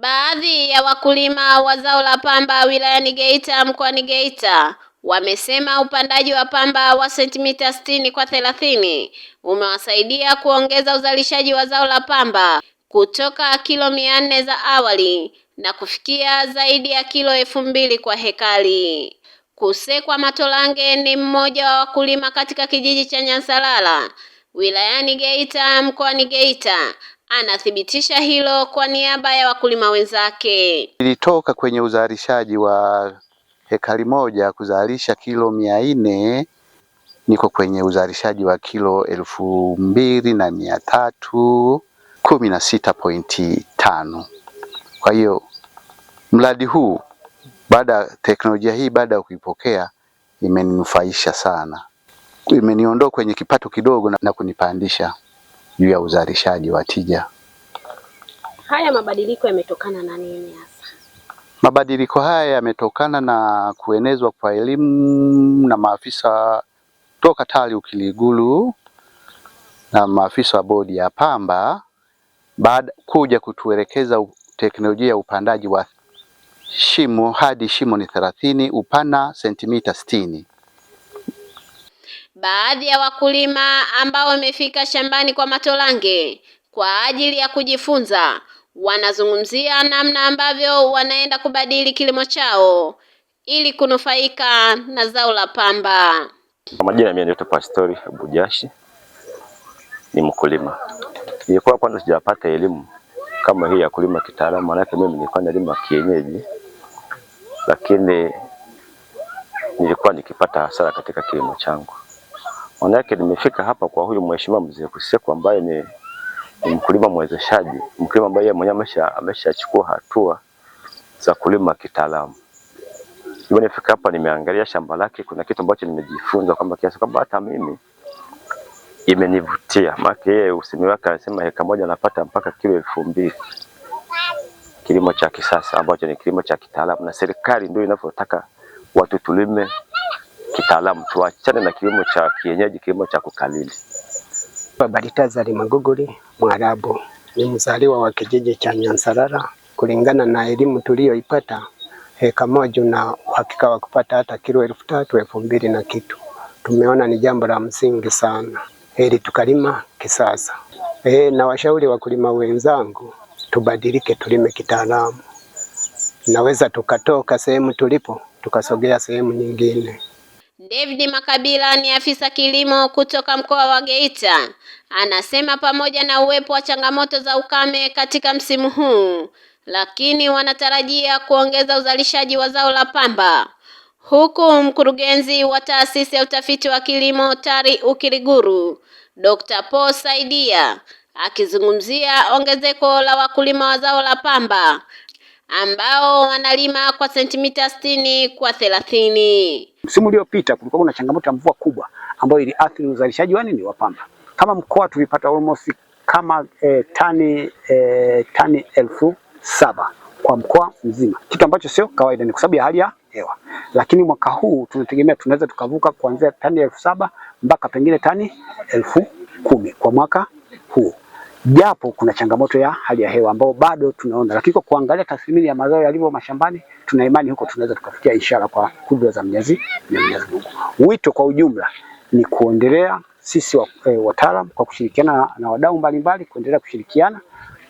Baadhi ya wakulima wa zao la pamba wilayani Geita mkoani Geita wamesema upandaji wa pamba wa sentimita sitini kwa thelathini umewasaidia kuongeza uzalishaji wa zao la pamba kutoka kilo mia nne za awali na kufikia zaidi ya kilo elfu mbili kwa hekari. Kusekwa Matolange ni mmoja wa wakulima katika kijiji cha Nyansalala wilayani Geita mkoani Geita Anathibitisha hilo kwa niaba ya wakulima wenzake. Ilitoka kwenye uzalishaji wa hekari moja kuzalisha kilo mia nne niko kwenye uzalishaji wa kilo elfu mbili na mia tatu kumi na sita pointi tano. Kwa hiyo mradi huu baada ya teknolojia hii baada ya kuipokea imeninufaisha sana, imeniondoa kwenye kipato kidogo na kunipandisha juu ya uzalishaji wa tija. Haya mabadiliko yametokana na nini hasa? Mabadiliko haya yametokana na kuenezwa kwa elimu na maafisa toka TARI Ukiliguru na maafisa wa bodi ya pamba baada kuja kutuelekeza teknolojia ya upandaji wa shimo hadi shimo ni thelathini, upana sentimita sitini. Baadhi ya wakulima ambao wamefika shambani kwa matolange kwa ajili ya kujifunza, wanazungumzia namna ambavyo wanaenda kubadili kilimo chao ili kunufaika na zao la pamba. Kwa majina mimi ndio Pastori bujashi ni mkulima. Nilikuwa kwanza sijapata elimu kama hii ya kulima kitaalamu, yake mimi nilikuwa nalima kienyeji, lakini nilikuwa nikipata hasara katika kilimo changu. Manake nimefika hapa kwa huyu mheshimiwa Mzee Kuseku ambaye ni, ni mkulima mwezeshaji, mkulima ambaye yeye mwenyewe ameshachukua hatua za kulima kitaalamu. Nimefika hapa nimeangalia shamba lake, kuna kitu ambacho nimejifunza kwamba kiasi kwamba hata mimi imenivutia. Maana yeye usemi wake anasema heka moja anapata mpaka kilo elfu mbili kilimo cha kisasa ambacho ni kilimo cha kitaalamu, na serikali ndio inavyotaka watu tulime kitaalamu, tuachane na kilimo cha kienyeji, kilimo cha kukalili. Babaritazari Maguguri Mwarabu ni mzaliwa wa kijiji cha Nyansarara. Kulingana na elimu tuliyoipata, heka moja na uhakika wa kupata hata kilo elfu tatu elfu mbili na kitu, tumeona ni jambo la msingi sana, heli tukalima kisasa. E, na washauri wakulima wenzangu, tubadilike, tulime kitaalamu. Naweza tukatoka sehemu tulipo tukasogea sehemu nyingine. David Makabila ni afisa kilimo kutoka mkoa wa Geita, anasema pamoja na uwepo wa changamoto za ukame katika msimu huu, lakini wanatarajia kuongeza uzalishaji wa zao la pamba, huku mkurugenzi wa taasisi ya utafiti wa kilimo TARI Ukiriguru, Dr. Paul Saidia akizungumzia ongezeko la wakulima wa zao la pamba ambao wanalima kwa sentimita 60 kwa thelathini. Msimu uliopita kulikuwa kuna changamoto ya mvua kubwa ambayo iliathiri uzalishaji wa nini wa pamba. Kama mkoa tulipata almost kama eh, tani eh, tani elfu saba kwa mkoa mzima, kitu ambacho sio kawaida, ni kwa sababu ya hali ya hewa. Lakini mwaka huu tunategemea tunaweza tukavuka kuanzia tani elfu saba mpaka pengine tani elfu kumi kwa mwaka huu japo kuna changamoto ya hali ya hewa ambayo bado tunaona, lakini kwa kuangalia tathmini ya mazao yalivyo mashambani, tuna imani huko tunaweza tukafikia ishara kwa kudra za Mwenyezi Mungu. Wito kwa ujumla ni kuendelea sisi wa, e, eh, wataalam kwa kushirikiana na, na wadau mbalimbali kuendelea kushirikiana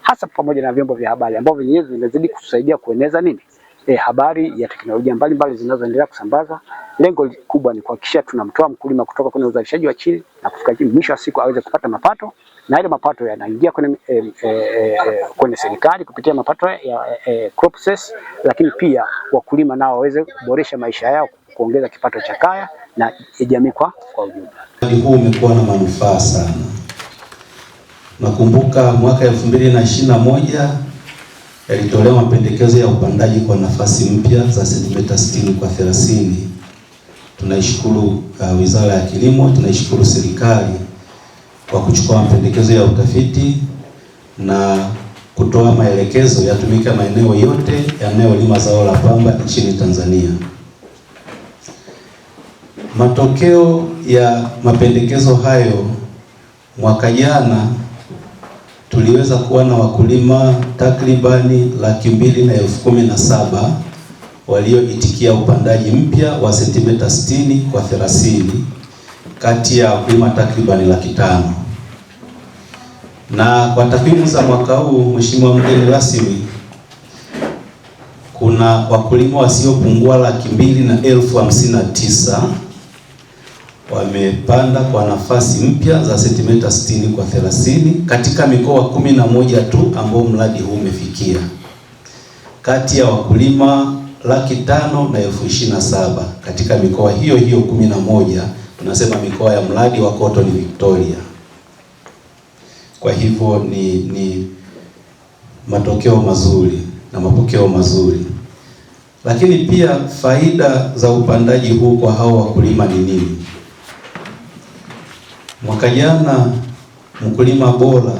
hasa pamoja na vyombo vya habari ambavyo vyenyewe vinazidi kutusaidia kueneza nini e, habari ya teknolojia mbalimbali zinazoendelea kusambaza. Lengo kubwa ni kuhakikisha tunamtoa mkulima kutoka kwenye uzalishaji wa chini na kufika chini, mwisho wa siku aweze kupata mapato, na ile mapato yanaingia kwenye, e, e, e, kwenye serikali kupitia mapato ya e, crop cess, lakini pia wakulima nao waweze kuboresha maisha yao, kuongeza kipato cha kaya na jamii kwa kwa ujumla. Mradi huu umekuwa na manufaa sana. Nakumbuka mwaka elfu mbili na ishirini na moja yalitolewa mapendekezo ya upandaji kwa nafasi mpya za sentimita 60 kwa 30. Tunaishukuru uh, Wizara ya Kilimo, tunaishukuru serikali kwa kuchukua mapendekezo ya utafiti na kutoa maelekezo yatumike maeneo yote yanayolima zao la pamba nchini Tanzania. Matokeo ya mapendekezo hayo mwaka jana tuliweza kuwa na wakulima takribani laki mbili na elfu kumi na saba walioitikia upandaji mpya wa sentimita 60 kwa 30 kati ya wakulima takribani laki tano na kwa takwimu za mwaka huu, Mheshimiwa mgeni rasmi, kuna wakulima wasiopungua laki mbili na elfu hamsini na tisa wamepanda kwa nafasi mpya za sentimita 60 kwa 30 katika mikoa kumi na moja tu ambao mradi huu umefikia kati ya wakulima laki tano na elfu ishirini na saba katika mikoa hiyo hiyo kumi na moja tunasema mikoa ya mradi wa Cotton Victoria. Kwa hivyo ni, ni matokeo mazuri na mapokeo mazuri, lakini pia faida za upandaji huu kwa hao wakulima ni nini? Mwaka jana mkulima bora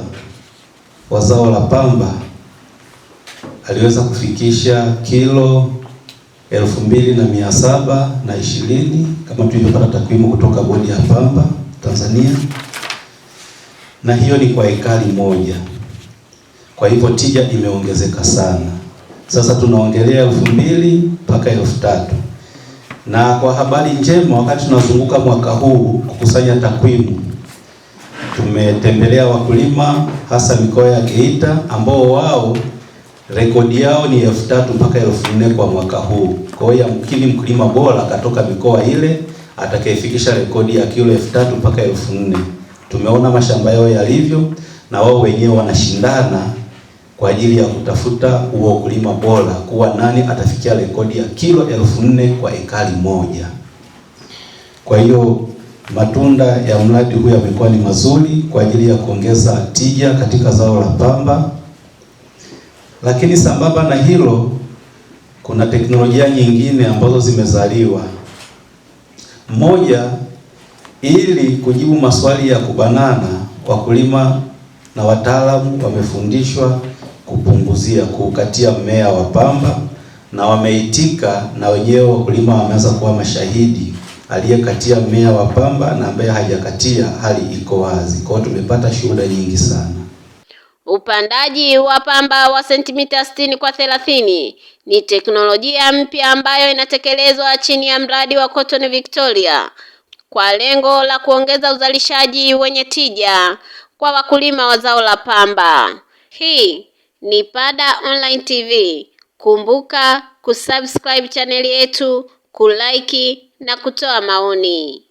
wa zao la pamba aliweza kufikisha kilo elfu mbili na mia saba na ishirini kama tulivyopata takwimu kutoka bodi ya pamba Tanzania, na hiyo ni kwa ekari moja. Kwa hivyo tija imeongezeka sana, sasa tunaongelea elfu mbili mpaka elfu tatu na kwa habari njema, wakati tunazunguka mwaka huu kukusanya takwimu tumetembelea wakulima hasa mikoa ya Geita ambao wao rekodi yao ni elfu tatu mpaka elfu nne kwa mwaka huu. Kwa hiyo yamkini mkulima bora katoka mikoa ile atakayefikisha rekodi ya kilo elfu tatu mpaka elfu nne. Tumeona mashamba yao yalivyo, na wao wenyewe wanashindana kwa ajili ya kutafuta huo kulima bora, kuwa nani atafikia rekodi ya kilo elfu nne kwa ekari moja. Kwa hiyo Matunda ya mradi huu yamekuwa ni mazuri kwa ajili ya kuongeza tija katika zao la pamba, lakini sambamba na hilo, kuna teknolojia nyingine ambazo zimezaliwa. Moja, ili kujibu maswali ya kubanana, wakulima na wataalamu wamefundishwa kupunguzia, kuukatia mmea wa pamba na wameitika, na wenyewe wakulima wameanza kuwa mashahidi aliyekatia mmea wa pamba na ambaye hajakatia hali iko wazi. Kwa hiyo tumepata shuhuda nyingi sana. Upandaji wa pamba wa sentimita 60 kwa 30 ni teknolojia mpya ambayo inatekelezwa chini ya mradi wa Cotton Victoria kwa lengo la kuongeza uzalishaji wenye tija kwa wakulima wa zao la pamba. Hii ni Pada Online TV. Kumbuka kusubscribe chaneli yetu, kulike na kutoa maoni.